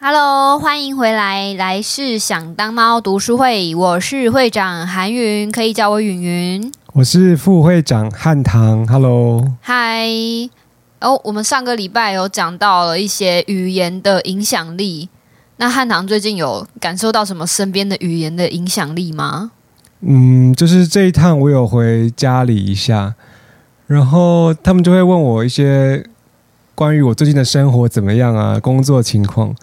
Hello，歡迎回來，來世想當貓讀書會，我是會長韓芸，可以叫我芸芸。我是副會長漢唐，Hello，嗨。哦，oh, 我們上個禮拜有講到了一些語言的影響力，那漢唐最近有感受到什麼身邊的語言的影響力嗎？嗯，就是這一趟我有回家裡一下，然後他們就會問我一些。關於我最近的生活怎麼樣啊、工作情況，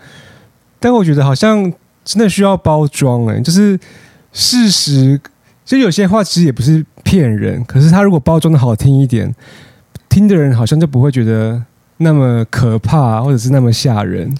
但我覺得好像真的需要包裝哎、欸，就是事實，就有些話其實也不是騙人，可是他如果包裝的好聽一點，聽的人好像就不會覺得那麼可怕、啊、或者是那麼嚇人。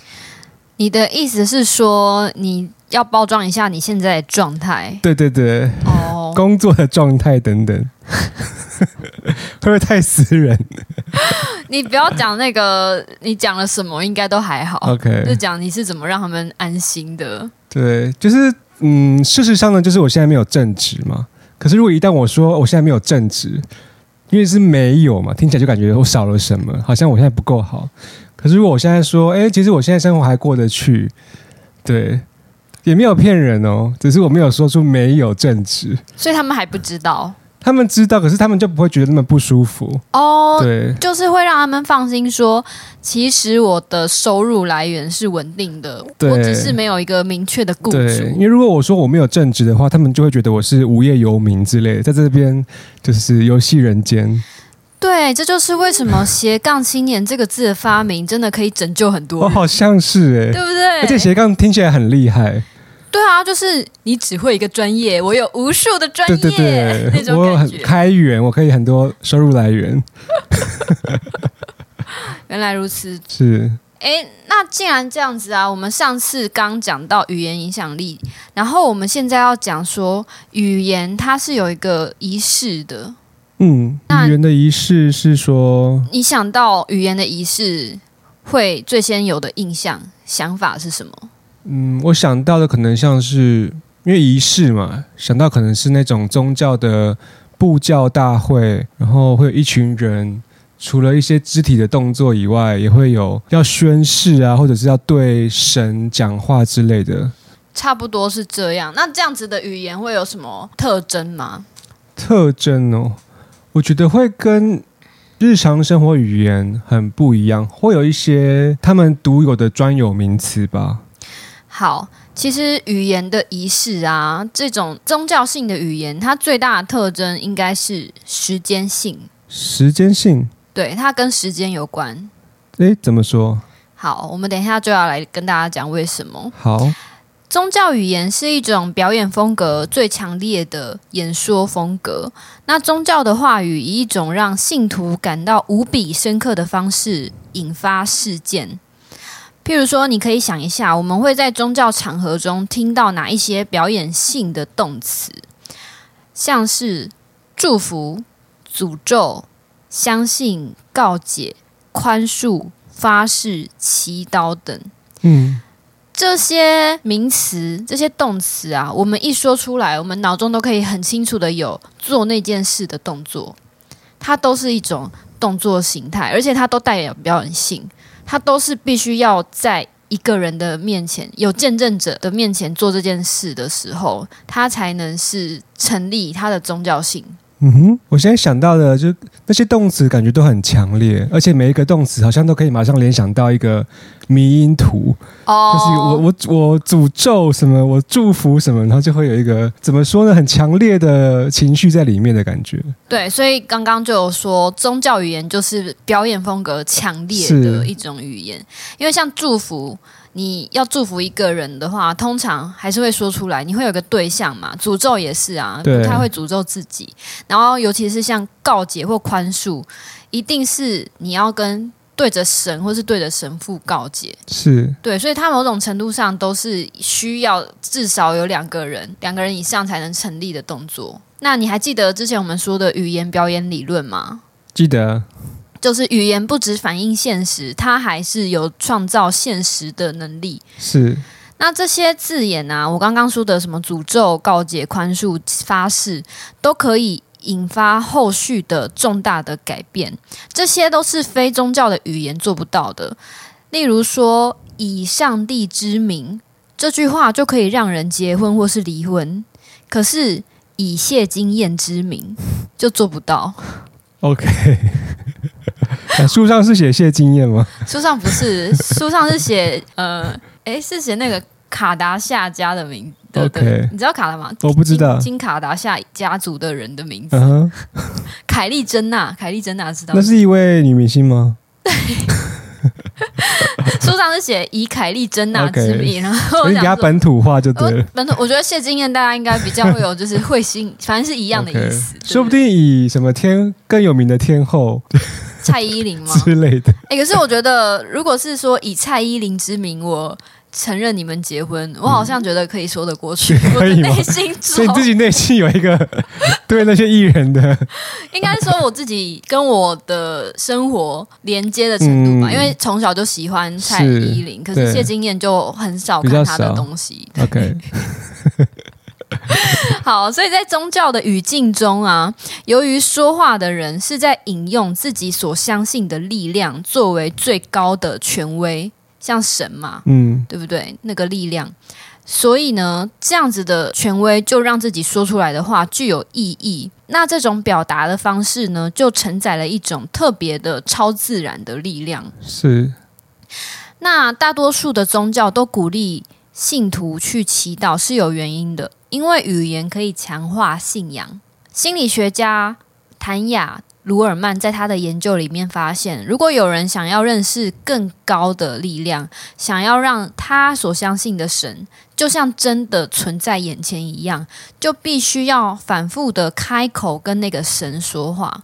你的意思是說，你要包裝一下你現在的狀態？對對對，哦，oh. 工作的狀態等等， 會不會太私人？ 你不要講那個，你講了什麼應該都還好。OK，就講你是怎麼讓他們安心的。對，就是嗯，事實上呢，就是我現在沒有正職嘛。可是如果一旦我說我現在沒有正職，因為是沒有嘛，聽起來就感覺我少了什麼，好像我現在不夠好。可是如果我現在說，誒，其實我現在生活還過得去，對，也沒有騙人哦，只是我沒有說出沒有正職，所以他們還不知道。他們知道，可是他們就不會覺得那麼不舒服哦。Oh, 對，就是會讓他們放心說，說其實我的收入來源是穩定的，我對只是沒有一個明確的雇主對。因為如果我說我沒有正職的話，他們就會覺得我是無業遊民之類的，在這邊就是遊戲人間。對，這就是為什麼“斜槓青年”這個字的發明真的可以拯救很多人，好像是誒，對不對？而且斜槓聽起來很厲害。對啊，就是你只會一個專業，我有無數的專業，對對對，我很開源，我可以很多收入來源。 原來如此，是。誒，那既然這樣子啊，我們上次剛講到語言影響力，然後我們現在要講說語言它是有一個儀式的。嗯，那語言的儀式是說，你想到語言的儀式會最先有的印象想法是什麼？嗯，我想到的可能像是因為儀式嘛，想到可能是那種宗教的布教大會，然後會有一群人，除了一些肢體的動作以外，也會有要宣誓啊，或者是要對神講話之類的。差不多是這樣。那這樣子的語言會有什麼特徵嗎？特徵哦，我覺得會跟日常生活語言很不一樣，會有一些他們獨有的專有名詞吧。好，其實語言的儀式啊，這種宗教性的語言，它最大的特徵應該是時間性。時間性，對，它跟時間有關。誒，怎麼說？好，我們等一下就要來跟大家講為什麼。好，宗教語言是一種表演風格最強烈的演說風格。那宗教的話語以一種讓信徒感到無比深刻的方式引發事件。譬如說，你可以想一下，我們會在宗教場合中聽到哪一些表演性的動詞，像是祝福、詛咒、相信、告解、寬恕、發誓、祈禱等。嗯，這些名詞、這些動詞啊，我們一說出來，我們腦中都可以很清楚的有做那件事的動作，它都是一種動作形態，而且它都帶有表演性。他都是必須要在一個人的面前，有見證者的面前做這件事的時候，他才能是成立他的宗教性。嗯哼，我現在想到的就是那些動詞，感覺都很強烈，而且每一個動詞好像都可以馬上聯想到一個迷因圖。哦，oh, 就是我我我詛咒什麼，我祝福什麼，然後就會有一個怎麼說呢，很強烈的情緒在裡面的感覺。對，所以剛剛就有說宗教語言就是表演風格強烈的一種語言，是因為像祝福。你要祝福一個人的話，通常還是會說出來。你會有個對象嘛？詛咒也是啊，不太會詛咒自己。對然後，尤其是像告解或寬恕，一定是你要跟對着神或是對着神父告解。是對，所以他某種程度上都是需要至少有兩個人，兩個人以上才能成立的動作。那你還記得之前我們說的語言表演理論嗎？記得。就是語言不止，反映現實，它還是有創造現實的能力。是，那這些字眼啊，我剛剛說的什麼詛咒、告解、寬恕、發誓，都可以引發後續的重大的改變。這些都是非宗教的語言做不到的。例如說，“以上帝之名”這句話就可以讓人結婚或是離婚，可是“以謝經驗之名”就做不到。OK。書上是寫謝金燕嗎？書上不是，書上是寫呃，哎，是寫那個卡達夏家的名。OK。對，你知道卡達嗎？我不知道。金卡達夏家族的人的名字，凱利珍娜，凱利珍娜知道？那是一位女明星嗎？對。書上是寫以凱利珍娜之名，然後所家本土化就對了。本土，我覺得謝金燕大家應該比較會有，就是會心，反正是一樣的意思。說不定以什麼天更有名的天後。蔡依林嗎？之類的。哎，欸，可是我覺得，如果是說以蔡依林之名，我承認你們結婚，我好像覺得可以說得過去。嗯、可以嗎？所以你自己內心有一個對那些藝人的？ 應該說我自己跟我的生活連接的程度吧，嗯、因為從小就喜歡蔡依林，是可是，謝金燕就很少看他的東西。OK 對。 好，所以在宗教的語境中啊，由於說話的人是在引用自己所相信的力量作為最高的權威，像神嘛，嗯，對不對？那個力量，所以呢，這樣子的權威就讓自己說出來的話具有意義。那這種表達的方式呢，就承載了一種特別的超自然的力量。是，那大多數的宗教都鼓勵信徒去祈禱是有原因的。因為語言可以強化信仰。心理學家譚雅·魯爾曼在他的研究裡面發現，如果有人想要認識更高的力量，想要讓他所相信的神就像真的存在眼前一樣，就必須要反覆的開口跟那個神說話。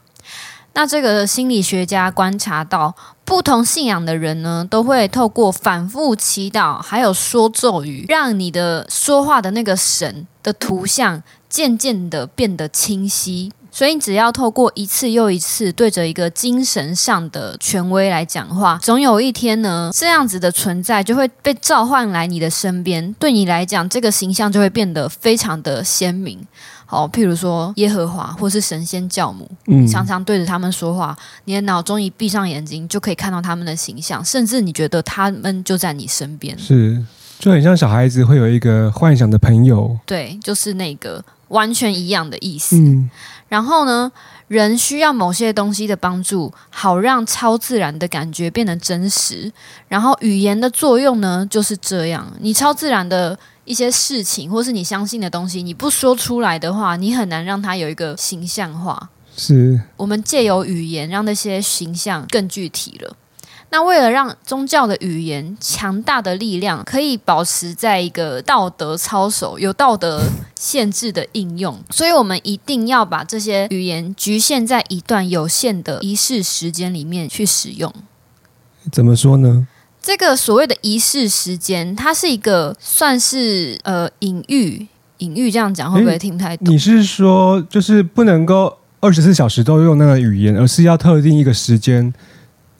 那這個心理學家觀察到，不同信仰的人呢，都會透過反復祈禱，還有說咒語，讓你的說話的那個神的圖像漸漸的變得清晰。所以，你只要透過一次又一次對着一個精神上的權威來講話，總有一天呢，這樣子的存在就會被召喚來你的身邊。對你來講，這個形象就會變得非常的鮮明。好，譬如說耶和華，或是神仙教母，常常對着他們說話。你的腦中一閉上眼睛，就可以看到他們的形象，甚至你覺得他們就在你身邊。是，就很像小孩子會有一個幻想的朋友。對，就是那個完全一樣的意思。嗯。然後呢，人需要某些東西的幫助，好讓超自然的感覺變得真實。然後語言的作用呢，就是這樣。你超自然的。一些事情，或是你相信的東西，你不說出來的話，你很難讓它有一個形象化。是，我們借由語言讓那些形象更具體了。那為了讓宗教的語言強大的力量可以保持在一個道德操守、有道德限制的應用，所以我們一定要把這些語言局限在一段有限的儀式時間裡面去使用。怎麼說呢？這個所謂的儀式時間，它是一個算是呃隱喻，隱喻這樣講會不會聽不太懂，欸？你是說，就是不能夠二十四小時都用那個語言，而是要特定一個時間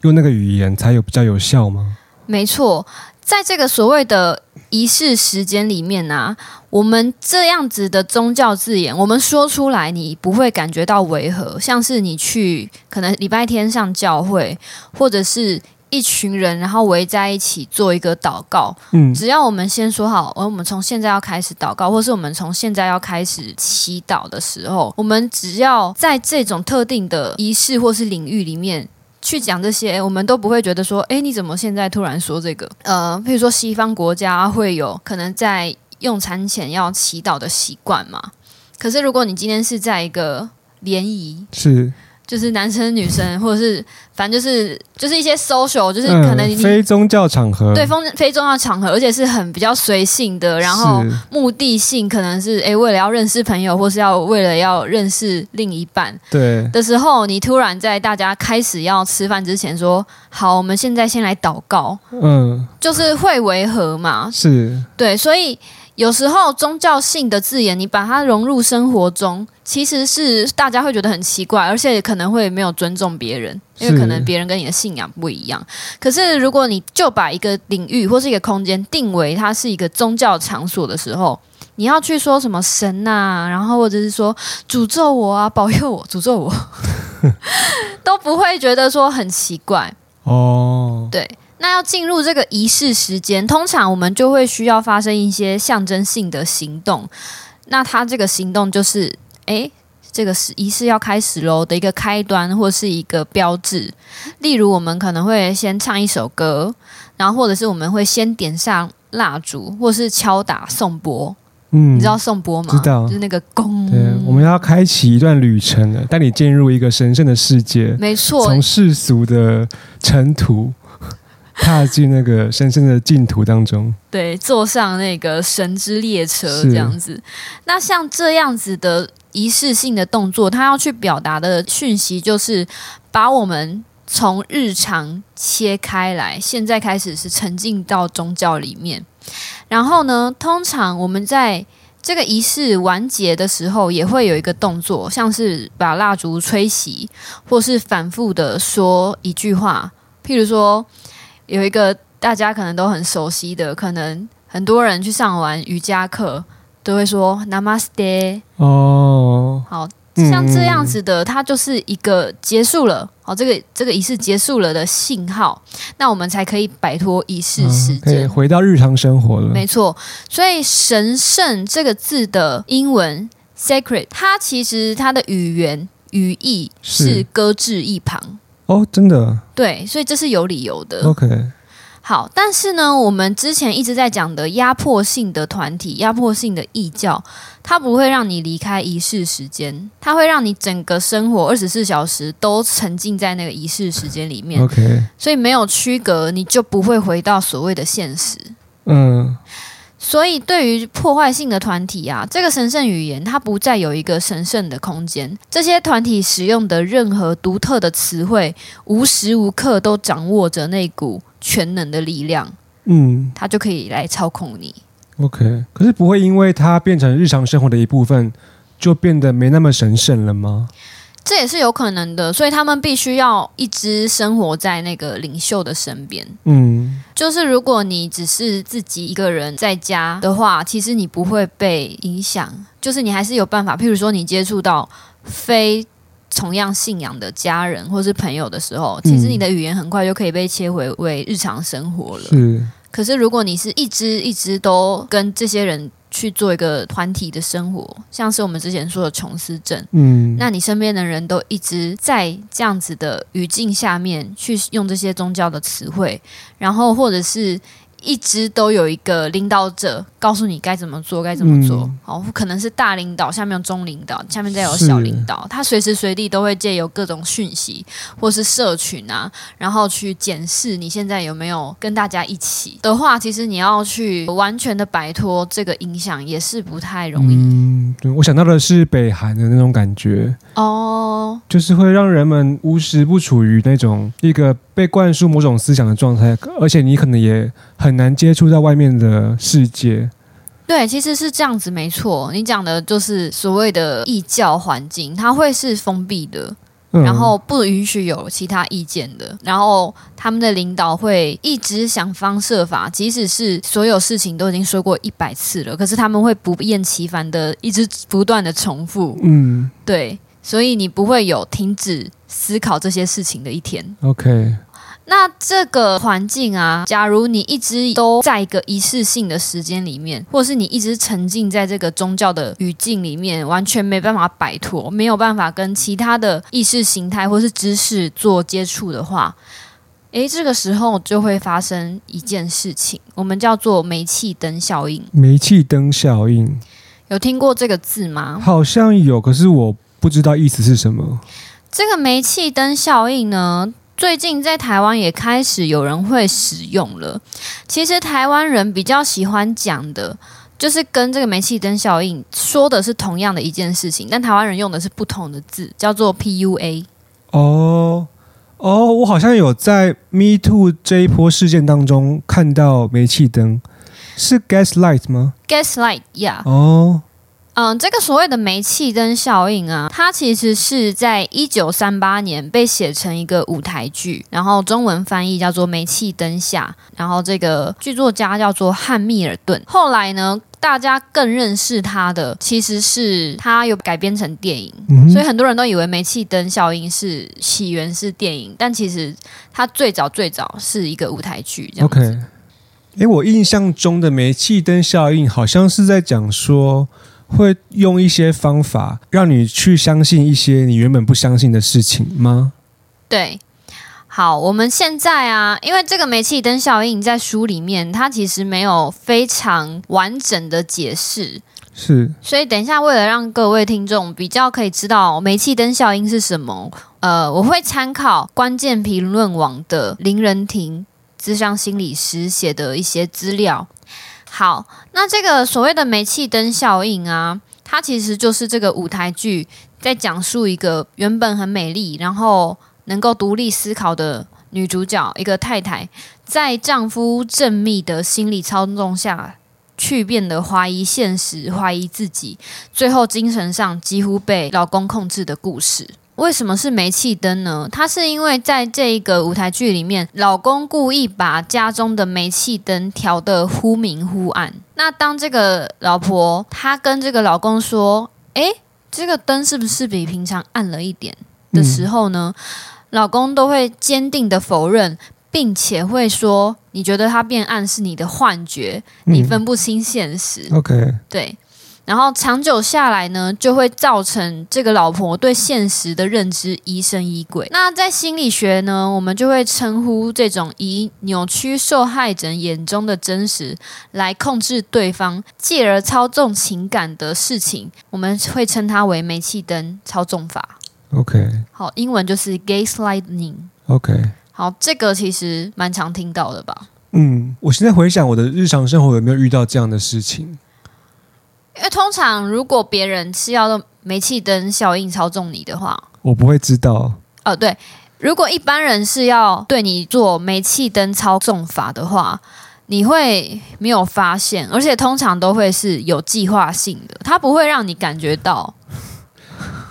用那個語言才有比較有效嗎？沒錯，在這個所謂的儀式時間裡面呢，啊，我們這樣子的宗教字眼，我們說出來你不會感覺到違和，像是你去可能禮拜天上教會，或者是。一群人，然後圍在一起做一個禱告。嗯，只要我們先說好，哦，我們從現在要開始禱告，或是我們從現在要開始祈禱的時候，我們只要在這種特定的儀式或是領域裡面去講這些，我們都不會覺得說：“誒，你怎麼現在突然說這個？”呃，譬如說西方國家會有可能在用餐前要祈禱的習慣嘛。可是如果你今天是在一個聯誼，是。就是男生女生，或者是反正就是就是一些 social，就是可能你、嗯、非宗教場合，對，非非宗教場合，而且是很比較隨性的，然後目的性可能是誒，為了要認識朋友，或是要為了要認識另一半，對的時候，你突然在大家開始要吃飯之前說好，我們現在先來禱告，嗯，就是會違和嘛，是對，所以。有時候宗教性的字眼，你把它融入生活中，其實是大家會覺得很奇怪，而且可能會沒有尊重別人，因為可能別人跟你的信仰不一樣。是。可是如果你就把一個領域或是一個空間定為它是一個宗教場所的時候，你要去說什麼神吶啊，然後或者是說詛咒我啊，保佑我，詛咒我， 都不會覺得說很奇怪哦。對。那要進入這個儀式時間，通常我們就會需要發生一些象徵性的行動。那它這個行動就是，誒，這個是儀式要開始嘍的一個開端，或是一個標誌。例如，我們可能會先唱一首歌，然後，或者是我們會先點上蠟燭，或是敲打頌缽。嗯，你知道頌缽嗎？知道，就是那個 Gong。對，我們要開啟一段旅程了，帶你進入一個神聖的世界。沒錯，從世俗的塵土。踏進那個深深的淨土當中，對，坐上那個神之列車是這樣子。那像這樣子的儀式性的動作，它要去表達的訊息，就是把我們從日常切開來，現在開始是沉浸到宗教裡面。然後呢，通常我們在這個儀式完結的時候，也會有一個動作，像是把蠟燭吹熄，或是反覆地說一句話，譬如說。有一個大家可能都很熟悉的，可能很多人去上完瑜伽課都會說 Namaste 哦，oh, 好、嗯、像這樣子的，它就是一個結束了，好，這個這個儀式結束了的信號，那我們才可以擺脫儀式時間，嗯、可以回到日常生活了。沒錯，所以“神聖”這個字的英文 “Sacred”，它其實它的語言語義是擱置一旁。哦，oh, 真的。對，所以這是有理由的。OK。好，但是呢，我們之前一直在講的壓迫性的團體、壓迫性的異教，它不會讓你離開儀式時間，它會讓你整個生活二十四小時都沉浸在那個儀式時間裡面。OK。所以沒有區隔，你就不會回到所謂的現實。嗯。所以，對於破壞性的團體啊，這個神聖語言，它不再有一個神聖的空間。這些團體使用的任何獨特的詞彙，無時無刻都掌握着那股全能的力量。嗯，它就可以來操控你。OK，可是不會因為它變成日常生活的一部分，就變得沒那麼神聖了嗎？這也是有可能的，所以他們必須要一直生活在那個領袖的身邊。嗯，就是如果你只是自己一個人在家的話，其實你不會被影響，就是你還是有辦法。譬如說，你接觸到非同樣信仰的家人或是朋友的時候，其實你的語言很快就可以被切回為日常生活了。嗯、是，可是如果你是一直一直都跟這些人。去做一個團體的生活，像是我們之前說的瓊斯鎮。嗯，那你身邊的人都一直在這樣子的語境下面去用這些宗教的詞彙，然後或者是。一直都有一個領導者告訴你該怎麼做，該怎麼做。嗯、哦，可能是大領導下面有中領導，下面再有小領導。是他隨時隨地都會借由各種訊息或是社群啊，然後去檢視你現在有沒有跟大家一起的話。其實你要去完全的擺脫這個影響，也是不太容易，嗯對。我想到的是北韓的那種感覺哦，就是會讓人們無時不處於那種一個被灌輸某種思想的狀態，而且你可能也很。很難接觸在外面的世界，對，其實是這樣子，沒錯。你講的就是所謂的異教環境，它會是封閉的，嗯、然後不允許有其他意見的。然後他們的領導會一直想方設法，即使是所有事情都已經說過一百次了，可是他們會不厭其煩的一直不斷的重複。嗯，對，所以你不會有停止思考這些事情的一天。OK。那這個環境啊，假如你一直都在一個儀式性的時間裡面，或是你一直沉浸在這個宗教的語境裡面，完全沒辦法擺脫，沒有辦法跟其他的意識形態或是知識做接觸的話，誒，這個時候就會發生一件事情，我們叫做煤氣燈效應。煤氣燈效應。有聽過這個字嗎？好像有，可是我不知道意思是什麼。這個煤氣燈效應呢？最近在台灣也開始有人會使用了。其實台灣人比較喜歡講的，就是跟這個煤氣燈效應說的是同樣的一件事情，但台灣人用的是不同的字，叫做 PUA。哦，哦，我好像有在 Me Too 這一波事件當中看到煤氣燈，是 Gaslight 嗎？Gaslight，yeah。Gas light, yeah. 哦。嗯，這個所謂的煤氣燈效應啊，它其實是在一九三八年被寫成一個舞台劇，然後中文翻譯叫做《煤氣燈下》，然後這個劇作家叫做漢密爾頓。後來呢，大家更認識他的其實是他有改編成電影，嗯、哼所以很多人都以為煤氣燈效應是起源是電影，但其實他最早最早是一個舞台劇。OK，哎、欸，我印象中的煤氣燈效應好像是在講說。會用一些方法讓你去相信一些你原本不相信的事情嗎？對，好，我們現在啊，因為這個煤氣燈效應在書裡面它其實沒有非常完整的解釋，是，所以等一下為了讓各位聽眾比較可以知道煤氣燈效應是什麼，呃，我會參考關鍵評論網的林仁廷諮商心理師寫的一些資料。好，那這個所謂的煤氣燈效應啊，它其實就是這個舞台劇在講述一個原本很美麗、然後能夠獨立思考的女主角，一個太太，在丈夫縝密的心理操縱下去變得懷疑現實、懷疑自己，最後精神上幾乎被老公控制的故事。為什麼是煤氣燈呢？它是因為在這一個舞台劇裡面，老公故意把家中的煤氣燈調得忽明忽暗。那當這個老婆她跟這個老公說：“誒，這個燈是不是比平常暗了一點？”的時候呢，嗯、老公都會堅定地否認，並且會說：“你覺得它變暗是你的幻覺，你分不清現實。”嗯 OK，對。然後長久下來呢，就會造成這個老婆對現實的認知疑神疑鬼。那在心理學呢，我們就會稱呼這種以扭曲受害者眼中的真實來控制對方，繼而操縱情感的事情，我們會稱它為煤氣燈操縱法。OK，好，英文就是 Gaslighting。OK，好，這個其實蠻常聽到的吧？嗯，我現在回想我的日常生活，有沒有遇到這樣的事情？因為通常，如果別人是要用煤氣燈效應操縱你的話，我不會知道。哦，對，如果一般人是要對你做煤氣燈操縱法的話，你會沒有發現，而且通常都會是有計劃性的，他不會讓你感覺到。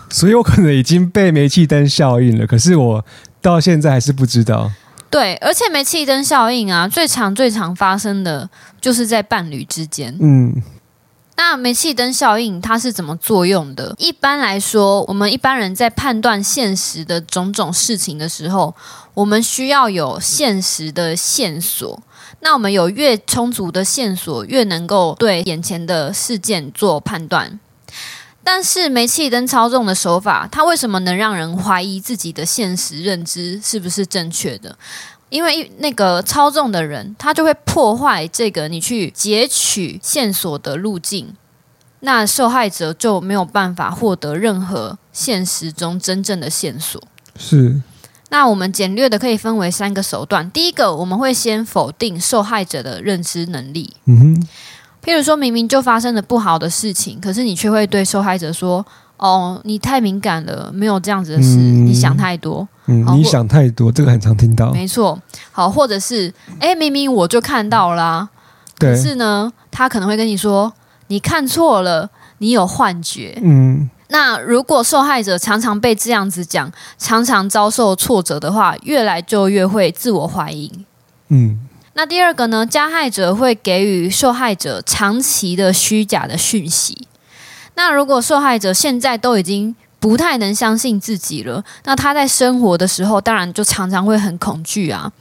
所以我可能已經被煤氣燈效應了，可是我到現在還是不知道。對，而且煤氣燈效應啊，最常、最常發生的就是在伴侶之間。嗯。那煤氣燈效應它是怎麼作用的？一般來說，我們一般人在判斷現實的種種事情的時候，我們需要有現實的線索。那我們有越充足的線索，越能夠對眼前的事件做判斷。但是煤氣燈操縱的手法，它為什麼能讓人懷疑自己的現實認知是不是正確的？因為那個操縱的人，他就會破壞這個你去截取線索的路徑，那受害者就沒有辦法獲得任何現實中真正的線索。是，那我們簡略的可以分為三個手段。第一個，我們會先否定受害者的認知能力。嗯哼，譬如說明明就發生了不好的事情，可是你卻會對受害者說，哦，你太敏感了，沒有這樣子的事，嗯、你想太多。嗯，或你想太多，這個很常聽到。沒錯，好，或者是，誒，明明我就看到了，啊，對可是呢，他可能會跟你說，你看錯了，你有幻覺。嗯，那如果受害者常常被這樣子講，常常遭受挫折的話，越來就越會自我懷疑。嗯，那第二個呢，加害者會給予受害者長期的虛假的訊息。那如果受害者現在都已經不太能相信自己了，那他在生活的時候，當然就常常會很恐懼啊。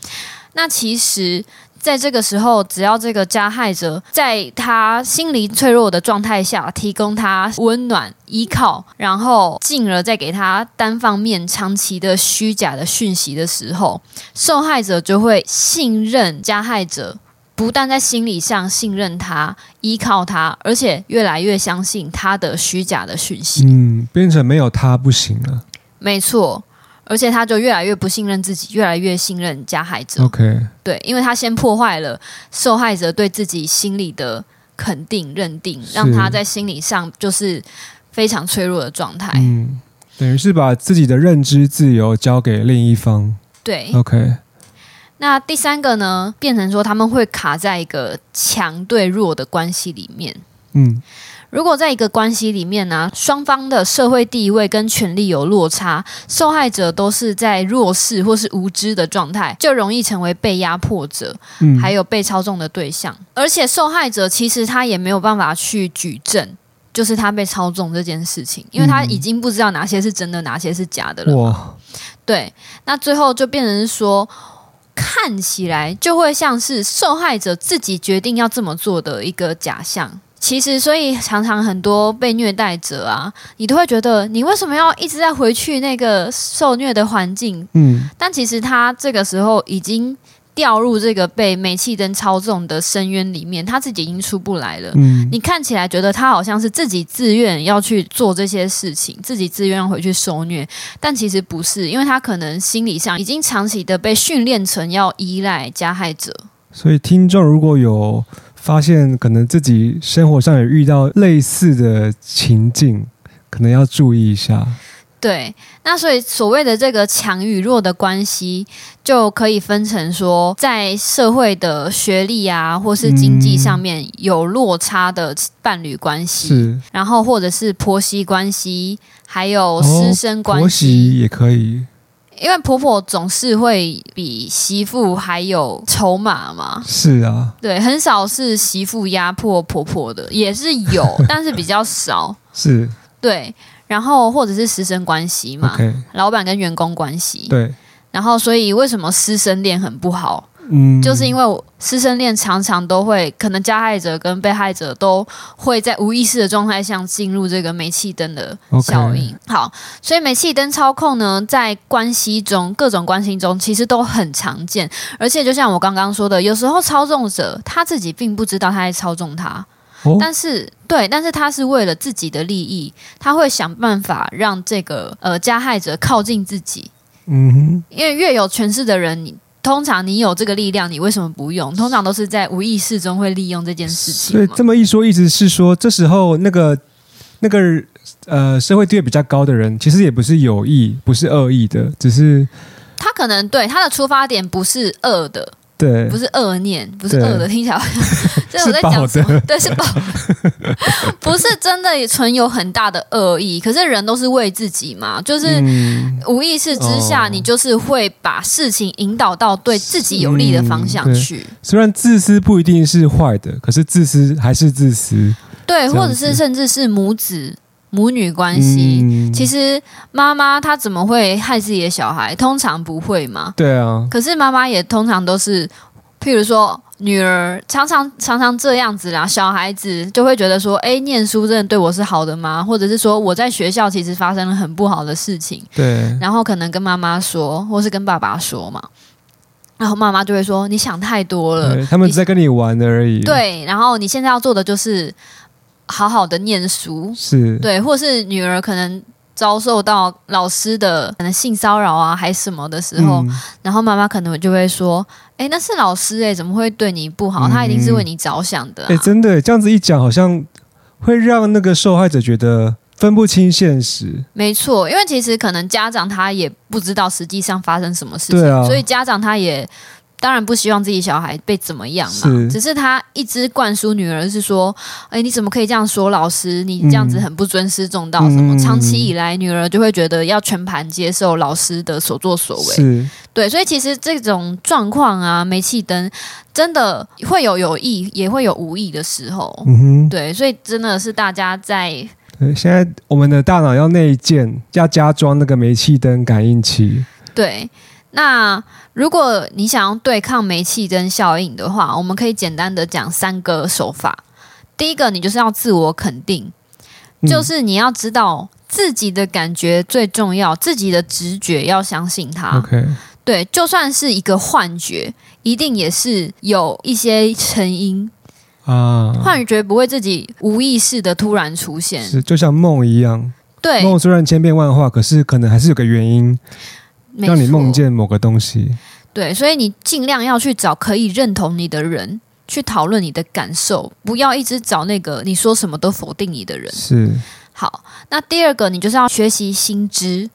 那其實在這個時候，只要這個加害者在他心理脆弱的狀態下，提供他溫暖依靠，然後進而再給他單方面長期的虛假的訊息的時候，受害者就會信任加害者。不但在心理上信任他、依靠他，而且越來越相信他的虛假的訊息。嗯，變成沒有他不行了。沒錯，而且他就越來越不信任自己，越來越信任加害者。OK，對，因為他先破壞了受害者對自己心理的肯定、認定，是讓他在心理上就是非常脆弱的狀態。嗯，等於是把自己的認知自由交給另一方。對，OK。那第三個呢，變成說他們會卡在一個強對弱的關係裡面。嗯，如果在一個關係裡面呢、啊，雙方的社會地位跟權力有落差，受害者都是在弱勢或是無知的狀態，就容易成為被壓迫者，嗯、還有被操縱的對象。而且受害者其實他也沒有辦法去舉證，就是他被操縱這件事情，因為他已經不知道哪些是真的，哪些是假的了。哇，對，那最後就變成是說。看起來就會像是受害者自己決定要這麼做的一個假象。其實所以常常很多被虐待者啊，你都會覺得你為什麼要一直在回去那個受虐的環境？嗯，但其實他這個時候已經。掉入這個被煤氣燈操縱的深淵裡面，他自己已經出不來了。嗯，你看起來覺得他好像是自己自願要去做這些事情，自己自願要回去受虐，但其實不是，因為他可能心理上已經長期的被訓練成要依賴加害者。所以，聽眾如果有發現可能自己生活上有遇到類似的情境，可能要注意一下。對，那所以所謂的這個強與弱的關係，就可以分成說，在社會的學歷啊，或是經濟上面有落差的伴侶關係，嗯、是，然後或者是婆媳關係，還有師生關係、哦、婆媳也可以，因為婆婆總是會比媳婦還有籌碼嘛，是啊，對，很少是媳婦壓迫婆婆的，也是有，但是比較少， 是，對。然後，或者是師生關係嘛，Okay 老闆跟員工關係。對。然後，所以為什麼師生戀很不好？嗯，就是因為師生戀常常都會，可能加害者跟被害者都會在無意識的狀態下進入這個煤氣燈的效應。Okay 好，所以煤氣燈操控呢，在關係中各種關係中其實都很常見。而且，就像我剛剛說的，有時候操縱者他自己並不知道他在操縱他。但是，對，但是他是為了自己的利益，他會想辦法讓這個呃加害者靠近自己。嗯哼，因為越有權勢的人，你通常你有這個力量，你為什麼不用？通常都是在無意識中會利用這件事情。對，這麼一說，意思是說，這時候那個那個呃社會地位比較高的人，其實也不是有意，不是惡意的，只是他可能對他的出發點不是惡的。對，不是惡念，不是惡的，對聽起來好像，這我在講什麼？對，對是不飽？ 不是真的存有很大的惡意。可是人都是為自己嘛，就是、嗯、無意識之下，哦、你就是會把事情引導到對自己有利的方向去，嗯。雖然自私不一定是壞的，可是自私還是自私。對，或者是甚至是母子。母女關係，嗯、其實媽媽她怎麼會害自己的小孩？通常不會嘛。對啊。可是媽媽也通常都是，譬如說女兒常常常常這樣子啦，小孩子就會覺得說：“哎，念書真的對我是好的嗎？”或者是說我在學校其實發生了很不好的事情。對。然後可能跟媽媽說，或是跟爸爸說嘛。然後媽媽就會說：“你想太多了，哎、他們只在跟你玩而已。”對，然後你現在要做的就是。好好的念書是，對，或是女兒可能遭受到老師的可能性騷擾啊，還什麼的時候，嗯、然後媽媽可能就會說：“哎、欸，那是老師哎、欸，怎麼會對你不好？嗯、他一定是為你着想的、啊。”哎、欸，真的，這樣子一講，好像會讓那個受害者覺得分不清現實。沒錯，因為其實可能家長他也不知道實際上發生什麼事情，啊、所以家長他也。當然不希望自己小孩被怎麼樣嘛，是。只是他一直灌輸女兒是說：“哎、欸，你怎麼可以這樣說老師？你這樣子很不尊師重道什麼？”嗯嗯、長期以來，女兒就會覺得要全盤接受老師的所作所為。是對，所以其實這種狀況啊，煤氣燈真的會有有意，也會有無意的時候。嗯哼，對，所以真的是大家在……對，現在我們的大腦要內建，要加裝那個煤氣燈感應器。對。那如果你想要對抗煤氣燈效應的話，我們可以簡單的講三個手法。第一個，你就是要自我肯定，嗯、就是你要知道自己的感覺最重要，自己的直覺要相信它。OK，對，就算是一個幻覺，一定也是有一些成因啊。Uh, 幻覺不會自己無意識的突然出現，是就像夢一樣。對，夢雖然千變萬化，可是可能還是有個原因。讓你夢見某個東西，對，所以你盡量要去找可以認同你的人去討論你的感受，不要一直找那個你說什麼都否定你的人。是。好，那第二個你就是要學習新知，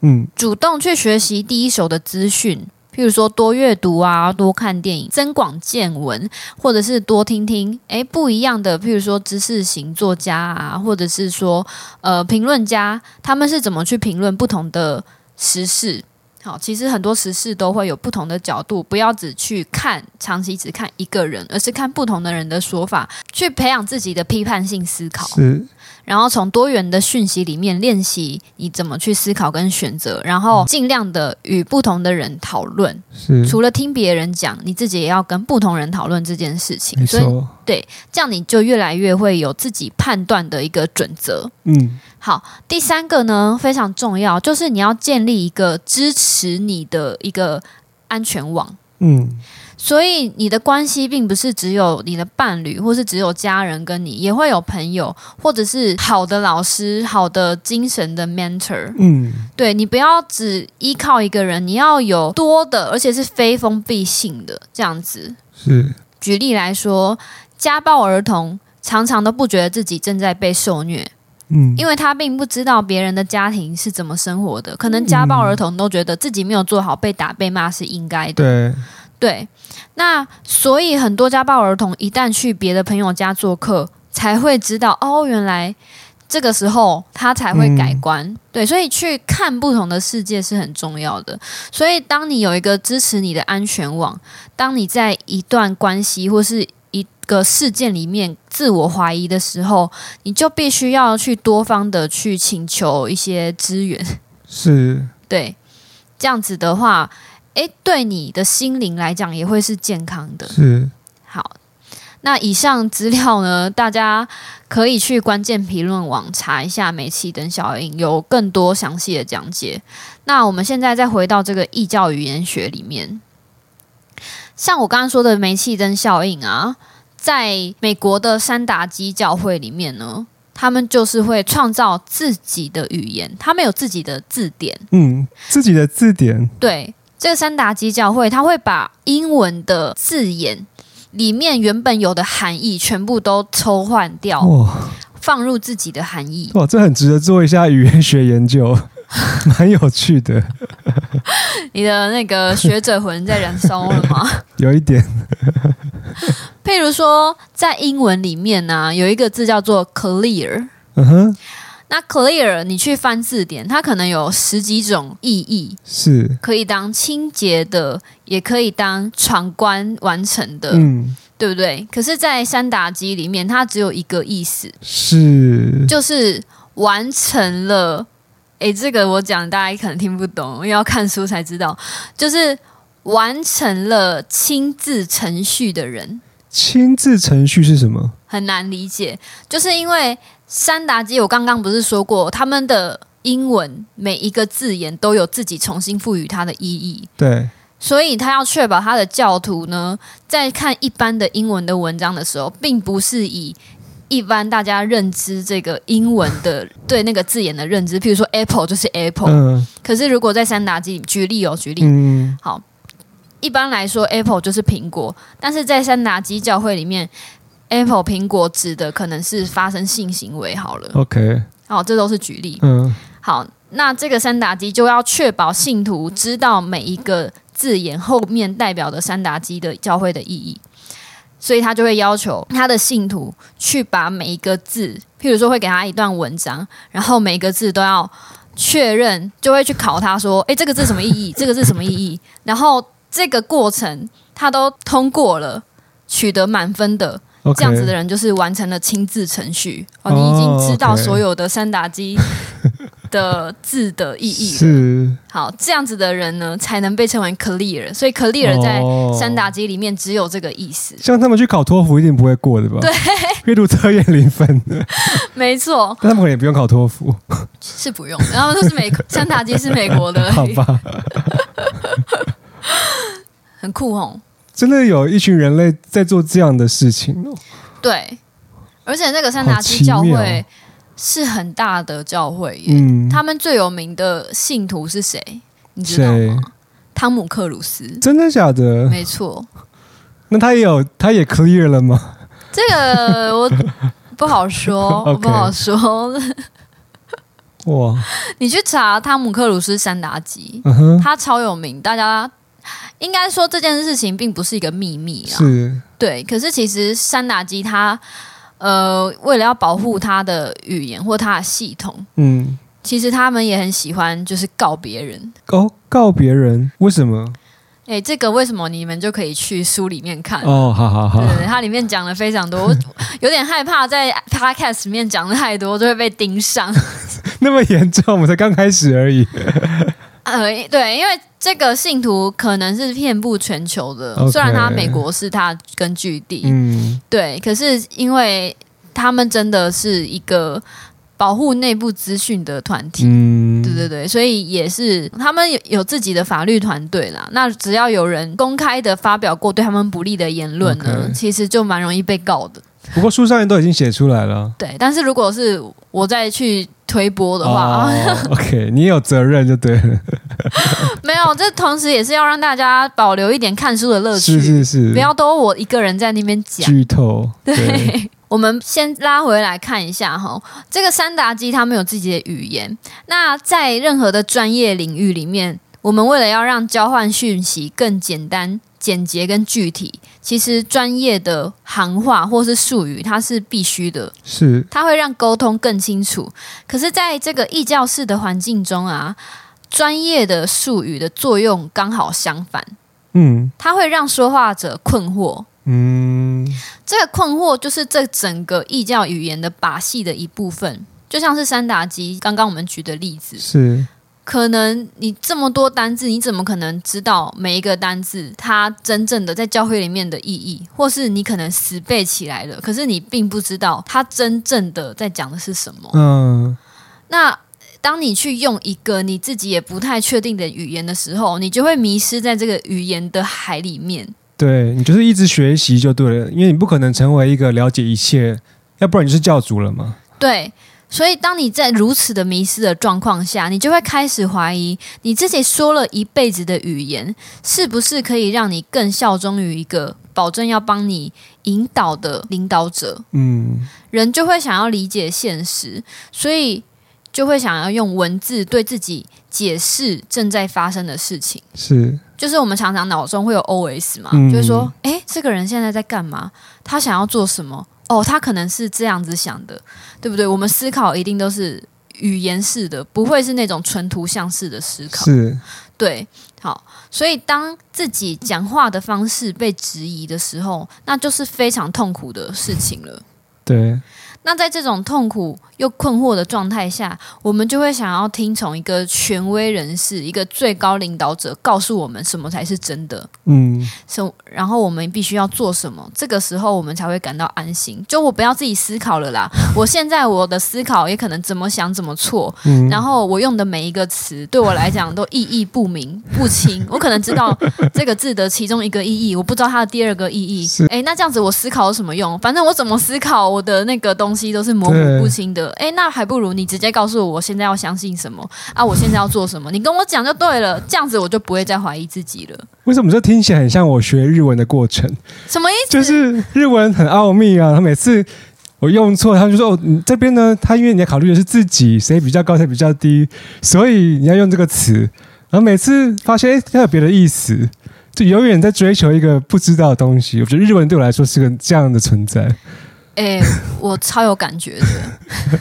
嗯，主動去學習第一手的資訊，譬如說多閱讀啊，多看電影，增廣見聞，或者是多聽聽誒不一樣的，譬如說知識型作家啊，或者是說呃評論家他們是怎麼去評論不同的時事。好，其實很多時事都會有不同的角度，不要只去看長期只看一個人，而是看不同的人的說法，去培養自己的批判性思考。是，然後從多元的訊息裡面練習你怎麼去思考跟選擇，然後盡量的與不同的人討論。是，除了聽別人講，你自己也要跟不同人討論這件事情。沒錯。所以對，這樣你就越來越會有自己判斷的一個準則。嗯。好，第三個呢，非常重要，就是你要建立一個支持你的一個安全網。嗯，所以你的關係並不是只有你的伴侶，或是只有家人跟你，也會有朋友，或者是好的老師、好的精神的 mentor。嗯，對，你不要只依靠一個人，你要有多的，而且是非封閉性的，這樣子。是，舉例來說，家暴兒童常常都不覺得自己正在被受虐。因為他並不知道別人的家庭是怎麼生活的，可能家暴兒童都覺得自己沒有做好，被打被罵是應該的。對，對，那所以很多家暴兒童一旦去別的朋友家做客，才會知道哦，原來這個時候他才會改觀。嗯、對，所以去看不同的世界是很重要的。所以當你有一個支持你的安全網，當你在一段關係或是。個事件裡面自我懷疑的時候，你就必須要去多方的去請求一些資源，是對這樣子的話，誒，對你的心靈來講也會是健康的。是好，那以上資料呢，大家可以去關鍵評論網查一下煤氣燈效應，有更多詳細的講解。那我們現在再回到這個異教語言學裡面，像我剛剛說的煤氣燈效應啊。在美國的山達基教會裡面呢，他們就是會創造自己的語言，他們有自己的字典。嗯，自己的字典。對，這個山達基教會，他會把英文的字眼裡面原本有的含義全部都抽換掉，哦、放入自己的含義。哇，這很值得做一下語言學研究，蠻 有趣的。 你的那個學者魂在燃燒了嗎？ 有一點。 譬如說，在英文裡面呢，啊，有一個字叫做 clear，uh。Huh. 那 clear 你去翻字典，它可能有十幾種意義，是可以當清潔的，也可以當闖關完成的，嗯，對不對？可是，在山達基裡面，它只有一個意思，是就是完成了。哎，欸，這個我講大家可能聽不懂，因為要看書才知道，就是完成了親自程序的人。親自程序是什麼？很難理解，就是因為三達基，我剛剛不是說過，他們的英文每一個字眼都有自己重新賦予它的意義。對，所以他要確保他的教徒呢，在看一般的英文的文章的時候，並不是以一般大家認知這個英文的對那個字眼的認知， 譬如說 apple 就是 apple，嗯，可是如果在三達基，舉例哦，舉例，嗯，好。一般來說，Apple 就是蘋果，但是在山達基教會裡面，Apple 蘋果指的可能是發生性行為。好了，OK，好、哦，這都是舉例。嗯，好，那這個山達基就要確保信徒知道每一個字眼後面代表的山達基的教會的意義，所以他就會要求他的信徒去把每一個字，譬如說會給他一段文章，然後每一個字都要確認，就會去考他說：“哎、欸，這個字什麼意義？這個字什麼意義？”然後。這個過程他都通過了，取得滿分的 Okay. 這樣子的人，就是完成了親自程序，oh, 哦，你已經知道所有的山達基的字的意義是好，這樣子的人呢，才能被稱為 clear，所以 clear 在山達基裡面只有這個意思。哦，像他們去考托福，一定不會過的吧？對，閱讀測驗零分。沒錯，他們可能也不用考托福，是不用。然後就是美 山達基是美國的，好吧？ 很酷哦！真的有一群人類在做這樣的事情哦。對，而且那個山達基教會是很大的教會，嗯，他們最有名的信徒是誰？嗯、你知道嗎？誰湯姆克魯斯？真的假的？沒錯。那他也有，他也 clear 了嗎？這個我不好說， 不好說。 哇！你去查湯姆克魯斯山達基，嗯、哼他超有名，大家。應該說這件事情並不是一個秘密啊，是對。可是其實山達基他呃，為了要保護他的語言或他的系統，嗯，其實他們也很喜歡就是告別人，哦、告告別人，為什麼？哎、欸，這個為什麼你們就可以去書裡面看？哦，好好好，對，它裡面講了非常多，我有點害怕在 podcast 裡面講的太多就會被盯上， 那麼嚴重？我們才剛開始而已。 呃，對，因為這個信徒可能是遍布全球的，Okay. 雖然他美國是他根據地，嗯，對，可是因為他們真的是一個保護內部資訊的團體，嗯，對對對，所以也是他們有，有自己的法律團隊啦。那只要有人公開的發表過對他們不利的言論呢，Okay. 其實就蠻容易被告的。不過書上也都已經寫出來了。對，但是如果是我再去推播的話，oh，OK，你有責任就對了。 沒有，這同時也是要讓大家保留一點看書的樂趣，是是是，不要都我一個人在那邊講劇透。對，對，我們先拉回來看一下哈，這個山達基，他們有自己的語言。那在任何的專業領域裡面，我們為了要讓交換訊息更簡單、簡潔跟具體。其實專業的行話或是術語，它是必須的，是它會讓溝通更清楚。可是，在這個異教室的環境中啊，專業的術語的作用剛好相反，嗯，它會讓說話者困惑，嗯，這個困惑就是這整個異教語言的把戲的一部分，就像是山達基剛剛我們舉的例子，是。可能你這麼多單字，你怎麼可能知道每一個單字它真正的在教會裡面的意義？或是你可能死背起來了，可是你並不知道它真正的在講的是什麼。嗯，那當你去用一個你自己也不太確定的語言的時候，你就會迷失在這個語言的海裡面。對，你就是一直學習就對了，因為你不可能成為一個了解一切，要不然你是教主了嗎？對。所以，當你在如此的迷失的狀況下，你就會開始懷疑你自己說了一輩子的語言，是不是可以讓你更效忠於一個保證要幫你引導的領導者？嗯，人就會想要理解現實，所以就會想要用文字對自己解釋正在發生的事情。是，就是我們常常腦中會有 OS 嘛，嗯，就是說，誒，這個人現在在幹嘛？他想要做什麼？哦，他可能是這樣子想的，對不對？我們思考一定都是語言式的，不會是那種純圖像式的思考。是。對，好。所以當自己講話的方式被質疑的時候，那就是非常痛苦的事情了。對。那在這種痛苦又困惑的狀態下，我們就會想要聽從一個權威人士、一個最高領導者告訴我們什麼才是真的。嗯，什、so, 然後我們必須要做什麼？這個時候我們才會感到安心。就我不要自己思考了啦。我現在我的思考也可能怎麼想怎麼錯。嗯，然後我用的每一個詞，對我來講都意義不明不清。我可能知道這個字的其中一個意義，我不知道它的第二個意義。是哎，那這樣子我思考有什麼用？反正我怎麼思考我的那個東西。都是模糊不清的，哎對，那還不如你直接告訴我，我現在要相信什麼啊？我現在要做什麼？你跟我講就對了，這樣子我就不會再懷疑自己了。為什麼這聽起來很像我學日文的過程？什麼意思？就是日文很奧秘啊！他每次我用錯，他就說：“你、哦、這邊呢？”他因為你要考慮的是自己誰比較高，誰比較低，所以你要用這個詞。然後每次發現哎，他有別的意思，就永遠在追求一個不知道的東西。我覺得日文對我來說是個這樣的存在。哎、欸，我超有感覺的。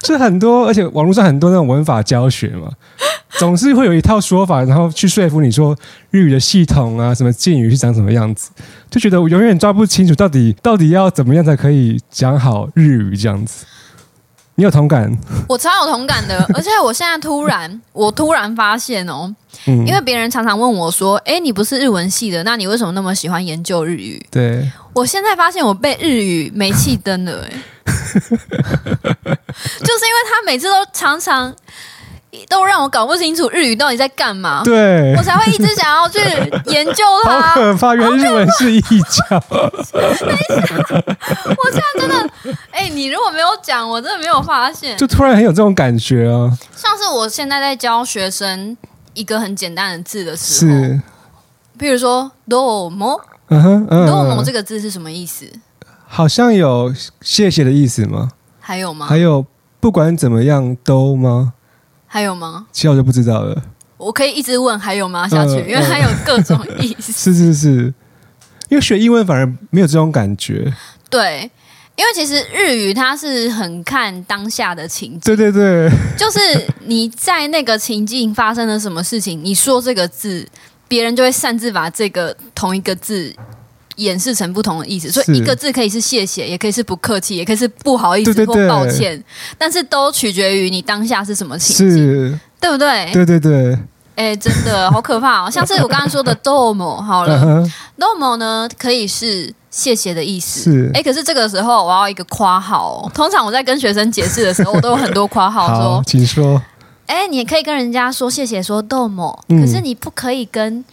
就很多，而且網絡上很多那種文法教學嘛，總是會有一套說法，然後去說服你說日語的系統啊，什麼敬語是長什麼樣子，就覺得我永遠抓不清楚，到底到底要怎麼樣才可以講好日語這樣子。你有同感？我超有同感的。而且我現在突然， 我突然發現哦，因為別人常常問我說：“哎，你不是日文系的，那你為什麼那麼喜歡研究日語？”對，我現在發現我被日語煤氣燈了，哎， 就是因為他每次都常常。都讓我搞不清楚日語到底在幹嘛，對我才會一直想要去研究它。好可怕，跟、啊、日本是 異教。等一下，我現在真的，哎、欸，你如果沒有講，我真的沒有發現，就突然很有這種感覺啊。像是我現在在教學生一個很簡單的字的時候，是，比如說 “do” 麼？嗯哼，“domo” 這個字是什麼意思？好像有謝謝的意思嗎？還有嗎？還有，不管怎麼樣都嗎？還有嗎？其實我就不知道了。我可以一直問還有嗎下去，嗯嗯、因為還有各種意思。是是是，因為學英文反而沒有這種感覺。對，因為其實日語它是很看當下的情境。對對對，就是你在那個情境發生了什麼事情，你說這個字，別人就會擅自把這個同一個字。演示成不同的意思，所以一個字可以是謝謝，也可以是不客氣，也可以是不好意思或抱歉，對對對，但是都取決於你當下是什麼情景，是對不對？對對對，哎、欸，真的好可怕哦！ 像是我剛剛說的 “domo”，好了，“domo” 呢可以是謝謝的意思，是、欸、可是這個時候我要一個誇號、哦。通常我在跟學生解釋的時候，我都有很多誇號說， 請說，哎、欸，你也可以跟人家說謝謝說 domo、嗯，說 “domo”，可是你不可以跟。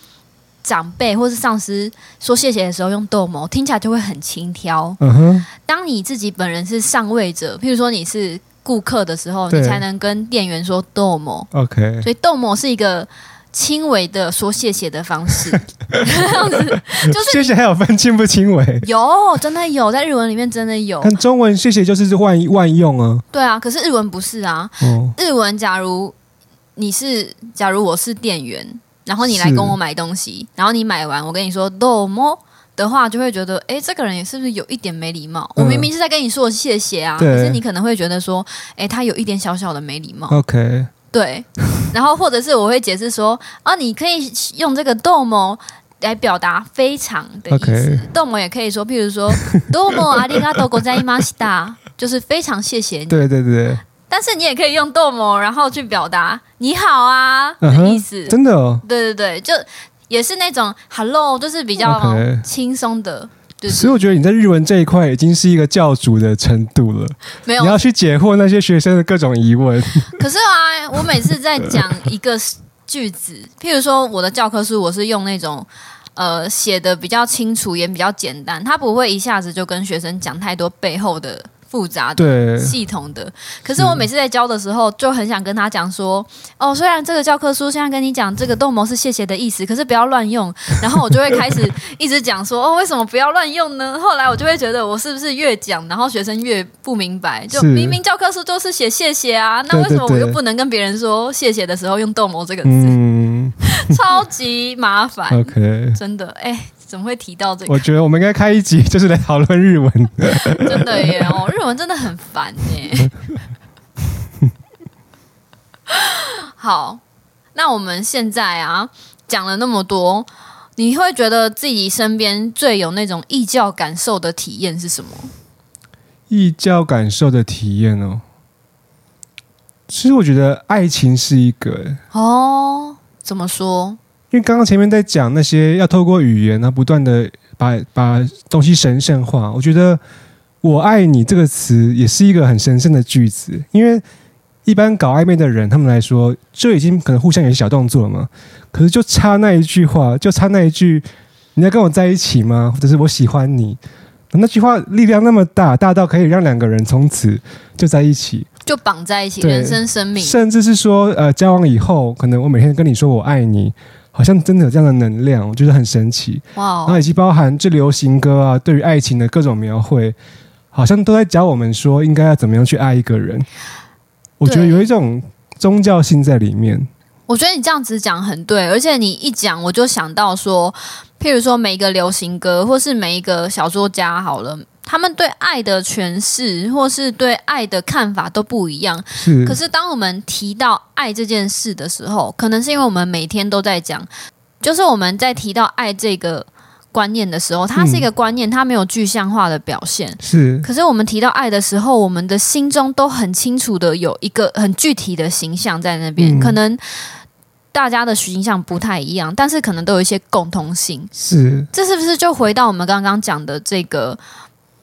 長輩或是上司說謝謝的時候用 domo，聽起來就會很輕佻。嗯哼、uh，huh. 當你自己本人是上位者，譬如說你是顧客的時候，對你才能跟店員說 domo。OK，所以 domo 是一個輕微的說謝謝的方式。 就是、謝謝還有分輕不輕微？有，真的有，在日文裡面真的有。但中文謝謝就是萬萬用啊。對啊，可是日文不是啊。Oh. 日文，假如你是，假如我是店員。然後你來跟我買東西，是然後你買完，我跟你說“多麼”的話，就會覺得，哎，這個人也是不是有一點沒禮貌？嗯、我明明是在跟你說謝謝啊，對可是你可能會覺得說，哎，他有一點小小的沒禮貌。OK，對。然後或者是我會解釋說，啊，你可以用這個“多麼”來表達非常的意思。OK，“ 多麼”也可以說，譬如說“多麼阿里嘎多國在伊瑪西達”，就是非常謝謝你。你對對對。但是你也可以用逗膜，然後去表達你好啊、uh-huh，的意思。真的？哦，對對對，就也是那種 hello，就是比較 Okay.、嗯、輕鬆的。對對，所以我覺得你在日文這一塊已經是一個教主的程度了。沒有？你要去解惑那些學生的各種疑問。可是啊，我每次在講一個句子， 譬如說我的教科書，我是用那種呃寫得比較清楚，也比較簡單，他不會一下子就跟學生講太多背後的。複雜的對系統的，可是我每次在教的時候，是就很想跟他講說，哦，雖然這個教科書現在跟你講這個“鬥魔”是謝謝的意思，可是不要亂用。然後我就會開始一直講說， 哦，為什麼不要亂用呢？後來我就會覺得，我是不是越講，然後學生越不明白？就明明教科書都是寫謝謝啊，對對對，那為什麼我又不能跟別人說謝謝的時候用“鬥魔”這個字？嗯超級麻煩，OK，真的哎、欸，怎麼會提到這個？我覺得我們應該開一集，就是來討論日文的。 真的耶，哦，日文真的很煩耶。 好，那我們現在啊，講了那麼多，你會覺得自己身邊最有那種異教感受的體驗是什麼？異教感受的體驗哦，其實我覺得愛情是一個哦。怎麼說？因為剛剛前面在講那些要透過語言啊，不斷的把把東西神聖化。我覺得“我愛你”這個詞也是一個很神聖的句子，因為一般搞曖昧的人，他們來說就已經可能互相有些小動作了嘛。可是就差那一句話，就差那一句“你要跟我在一起嗎？”或者是我喜歡你，那句話力量那麼大，大到可以讓兩個人從此就在一起。就綁在一起，對人生、生命，甚至是說，呃，交往以後，可能我每天跟你說我愛你，好像真的有這樣的能量，我覺得很神奇。哇！Wow. 然後以及包含這流行歌啊，對於愛情的各種描繪，好像都在教我們說應該要怎麼樣去愛一個人。對我覺得有一種宗教性在裡面。我覺得你這樣子講很對，而且你一講，我就想到說，譬如說每一個流行歌，或是每一個小說家，好了。他們對愛的詮釋，或是對愛的看法都不一樣。是，可是當我們提到愛這件事的時候，可能是因為我們每天都在講，就是我們在提到愛這個觀念的時候，它是一個觀念，它沒有具象化的表現。是、嗯，可是我們提到愛的時候，我們的心中都很清楚的有一個很具體的形象在那邊。嗯、可能大家的形象不太一樣，但是可能都有一些共通性。是，這是不是就回到我們剛剛講的這個？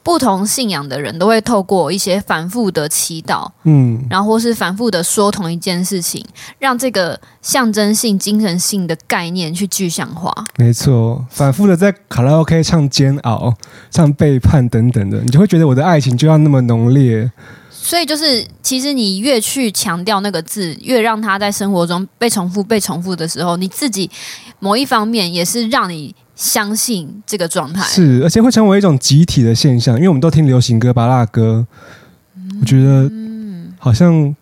不同信仰的人都會透過一些反覆的祈禱，嗯，然後是反覆的說同一件事情，讓這個象徵性、精神性的概念去具象化。沒錯，反覆的在卡拉 OK 唱煎熬、唱背叛等等的，你就會覺得我的愛情就要那麼濃烈。所以，就是其實你越去強調那個字，越讓他在生活中被重複、被重複的時候，你自己某一方面也是讓你。相信這個狀態是，而且會成為一種集體的現象，因為我們都聽流行歌、芭樂歌，嗯、我覺得，嗯，好像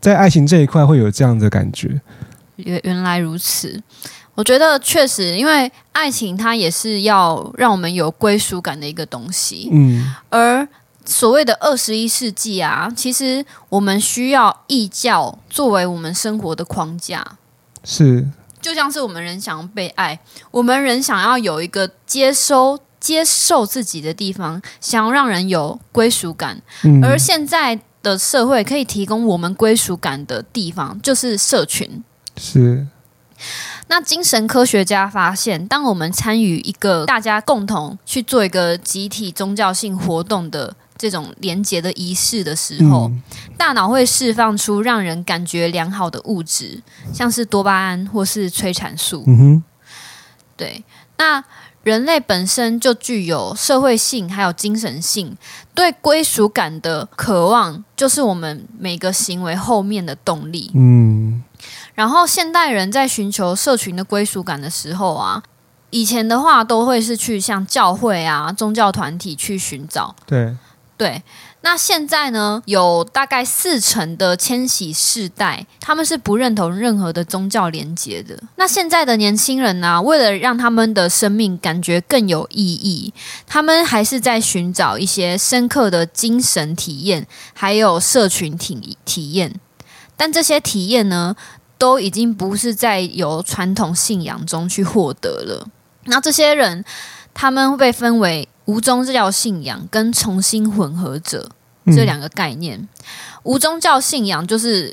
在愛情這一塊會有這樣的感覺。原原來如此，我覺得確實，因為愛情它也是要讓我們有歸屬感的一個東西。嗯，而所謂的二十一世紀啊，其實我們需要異教作為我們生活的框架。是。就像是我們人想要被愛，我們人想要有一個接收、接受自己的地方，想要讓人有歸屬感。嗯。而現在的社會可以提供我們歸屬感的地方，就是社群。是。那精神科學家發現，當我們參與一個大家共同去做一個集體宗教性活動的這種連接的儀式的時候，嗯、大腦會釋放出讓人感覺良好的物質，像是多巴胺或是催產素。嗯、哼對。那人類本身就具有社會性，還有精神性，對歸屬感的渴望，就是我們每個行為後面的動力。嗯、然後現代人在尋求社群的歸屬感的時候啊，以前的話都會是去像教會啊、宗教團體去尋找。對。對，那現在呢？有大概四成的千禧世代，他們是不認同任何的宗教連接的。那現在的年輕人呢、啊，為了讓他們的生命感覺更有意義，他們還是在尋找一些深刻的精神體驗，還有社群體體驗。但這些體驗呢，都已經不是在由傳統信仰中去獲得了。那這些人，他們會被分為。無宗教信仰跟重新混合者這兩個概念，嗯、無宗教信仰就是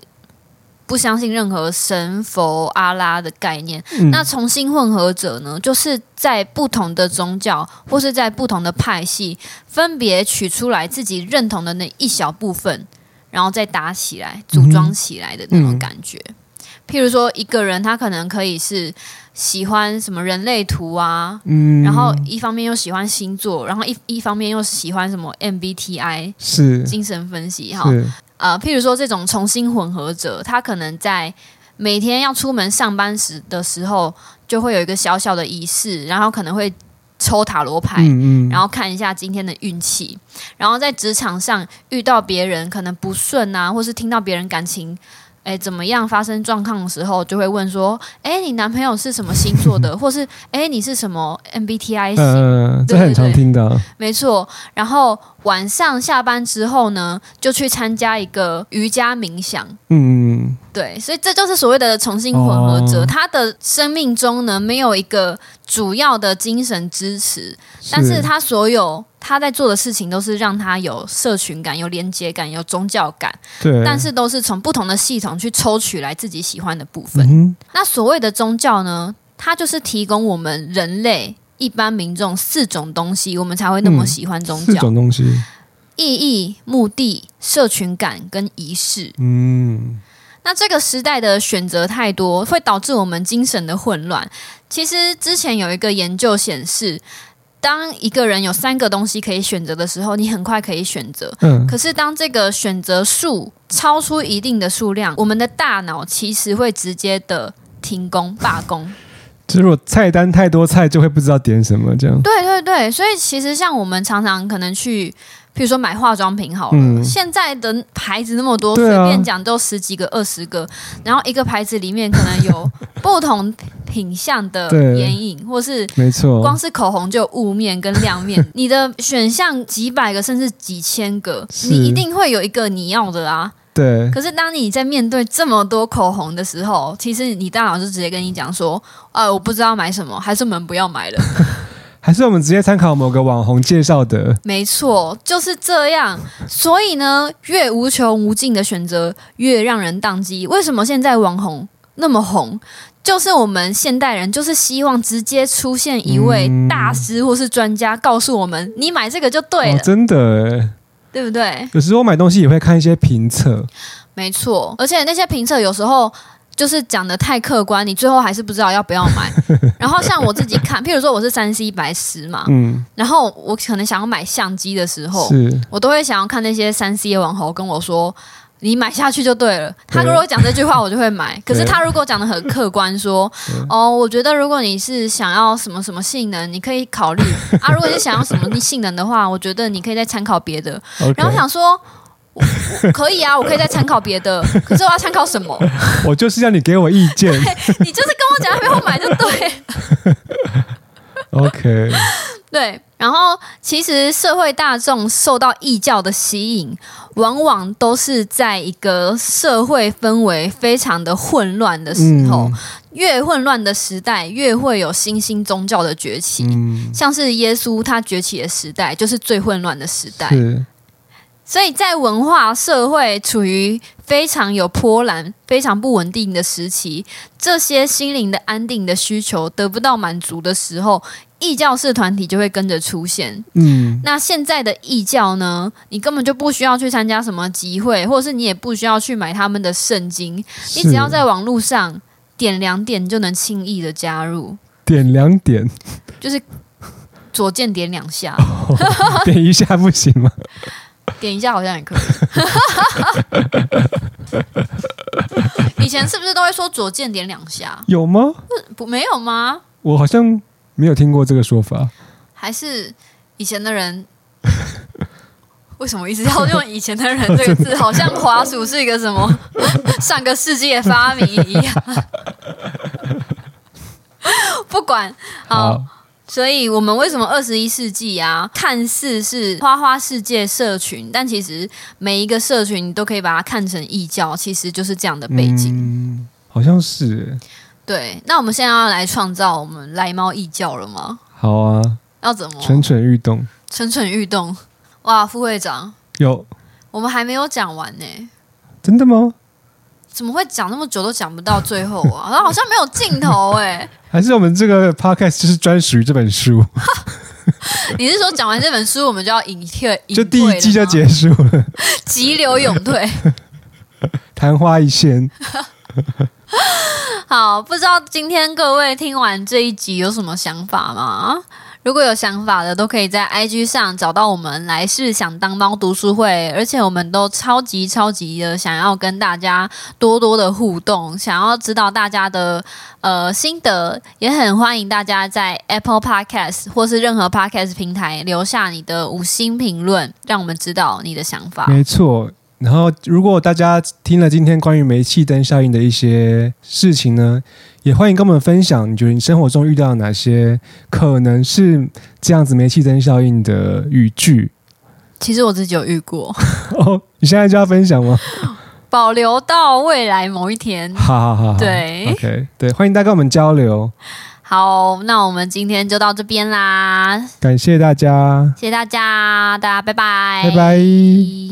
不相信任何神佛阿拉的概念。嗯、那重新混合者呢，就是在不同的宗教或是在不同的派系，分別取出來自己認同的那一小部分，然後再打起來、組裝起來的那種感覺。嗯嗯、譬如說，一個人他可能可以是。喜歡什麼人類圖啊？嗯，然後一方面又喜歡星座，然後一一方面又喜歡什麼 MBTI 是精神分析哈。啊是、呃，譬如說這種重新混合者，他可能在每天要出門上班時的時候，就會有一個小小的儀式，然後可能會抽塔羅牌，嗯嗯，然後看一下今天的運氣，然後在職場上遇到別人，可能不順啊，或是聽到別人感情。哎，怎麼樣發生狀況的時候，就會問說：哎，你男朋友是什麼星座的？ 或是哎，你是什麼 MBTI 型？嗯、呃，對對，這很常聽的。沒錯，然後。晚上下班之後呢，就去參加一個瑜伽冥想。嗯，對，所以這就是所謂的重新混合者，哦、他的生命中呢沒有一個主要的精神支持，是。但是他所有他在做的事情都是讓他有社群感、有連接感、有宗教感。對，但是都是從不同的系統去抽取來自己喜歡的部分。嗯、那所謂的宗教呢，它就是提供我們人類。一般民眾四種東西，我們才會那麼喜歡宗教。嗯、四種東西：意義、目的、社群感跟儀式。嗯，那這個時代的選擇太多，會導致我們精神的混亂。其實之前有一個研究顯示，當一個人有三個東西可以選擇的時候，你很快可以選擇。嗯、可是當這個選擇數超出一定的數量，我們的大腦其實會直接的停工罷工。 就是如果菜單太多菜，就會不知道點什麼這樣。對對對，所以其實像我們常常可能去，譬如說買化妝品好了，嗯、現在的牌子那麼多，啊、隨便講都十幾個、二十個，然後一個牌子裡面可能有不同品項的眼影， 對或是沒錯，光是口紅就有霧面跟亮面，錯你的選項幾百個甚至幾千個，是你一定會有一個你要的啊。對，可是當你在面對這麼多口紅的時候，其實你大腦就直接跟你講說：“啊、呃，我不知道買什麼，還是我們不要買了， 還是我們直接參考某個網紅介紹的。”沒錯，就是這樣。所以呢，越無窮無盡的選擇，越讓人宕機。為什麼現在網紅那麼紅？就是我們現代人就是希望直接出現一位大師或是專家告訴我們：“嗯、你買這個就對了。哦”真的。哎。對不對？有時候買東西也會看一些評測，沒錯。而且那些評測有時候就是講的太客觀，你最後還是不知道要不要買。 然後像我自己看，譬如說我是三 C 白痴嘛，嗯、然後我可能想要買相機的時候，是我都會想要看那些三 C 的網紅跟我說。你買下去就對了。他如果講這句話，我就會買。對可是他如果講得很客觀說，說對哦，我覺得如果你是想要什麼什麼性能，你可以考慮 啊。如果你想要什麼性能的話，我覺得你可以再參考別的。Okay. 然後想說我我可以啊，我可以再參考別的。可是我要參考什麼？ 我就是要你給我意見。你就是跟我講，他背後買就對。 OK，對。然後，其實社會大眾受到異教的吸引，往往都是在一個社會氛圍非常的混亂的時候。嗯、越混亂的時代，越會有新興宗教的崛起。嗯、像是耶穌他崛起的時代，就是最混亂的時代。是所以在文化社會處於非常有波瀾、非常不穩定的時期，這些心靈的安定的需求得不到滿足的時候。異教士團體就會跟着出現。嗯，那現在的異教呢？你根本就不需要去參加什麼集會，或者是你也不需要去買他們的聖經，是你只要在網路上點兩點就能輕易的加入。點兩點，就是左鍵點兩下，點、哦、一下不行嗎？ 點一下好像也可以。 以前是不是都會說左鍵點兩下？有嗎？不，沒有嗎？我好像。沒有聽過這個說法，還是以前的人？ 為什麼一直要用“以前的人”這個字？ 的好像話術是一個什麼 上個世紀發明一樣。 不管好,好，所以我們為什麼二十一世紀啊，看似是花花世界社群，但其實每一個社群你都可以把它看成異教，其實就是這樣的背景。嗯、好像是。對，那我們現在要來創造我們來貓異教了嗎？好啊，要怎麼？蠢蠢欲動，蠢蠢欲動，哇！副會長有，我們還沒有講完呢，真的嗎？怎麼會講那麼久都講不到最後啊？ 好像沒有盡頭哎。還是我們這個 Podcast 就是專屬於這本書？ 你是說講完這本書我們就要隱退？就第一季就結束了？ 急流勇退，曇 花一現。 好，不知道今天各位聽完這一集有什麼想法嗎？如果有想法的，都可以在 IG 上找到我們，來世想當當讀書會，而且我們都超級超級的想要跟大家多多的互動，想要知道大家的呃心得，也很歡迎大家在 Apple Podcast 或是任何 Podcast 平台留下你的五星評論，讓我們知道你的想法。沒錯。然後，如果大家聽了今天關於煤氣燈效應的一些事情呢，也歡迎跟我們分享，你覺得你生活中遇到哪些可能是這樣子煤氣燈效應的語句？其實我自己有遇過。哦，你現在就要分享嗎？ 保留到未來某一天。好，好好好。對。OK，對，歡迎大家跟我們交流。好，那我們今天就到這邊啦，感謝大家，謝謝大家，大家拜拜，拜拜。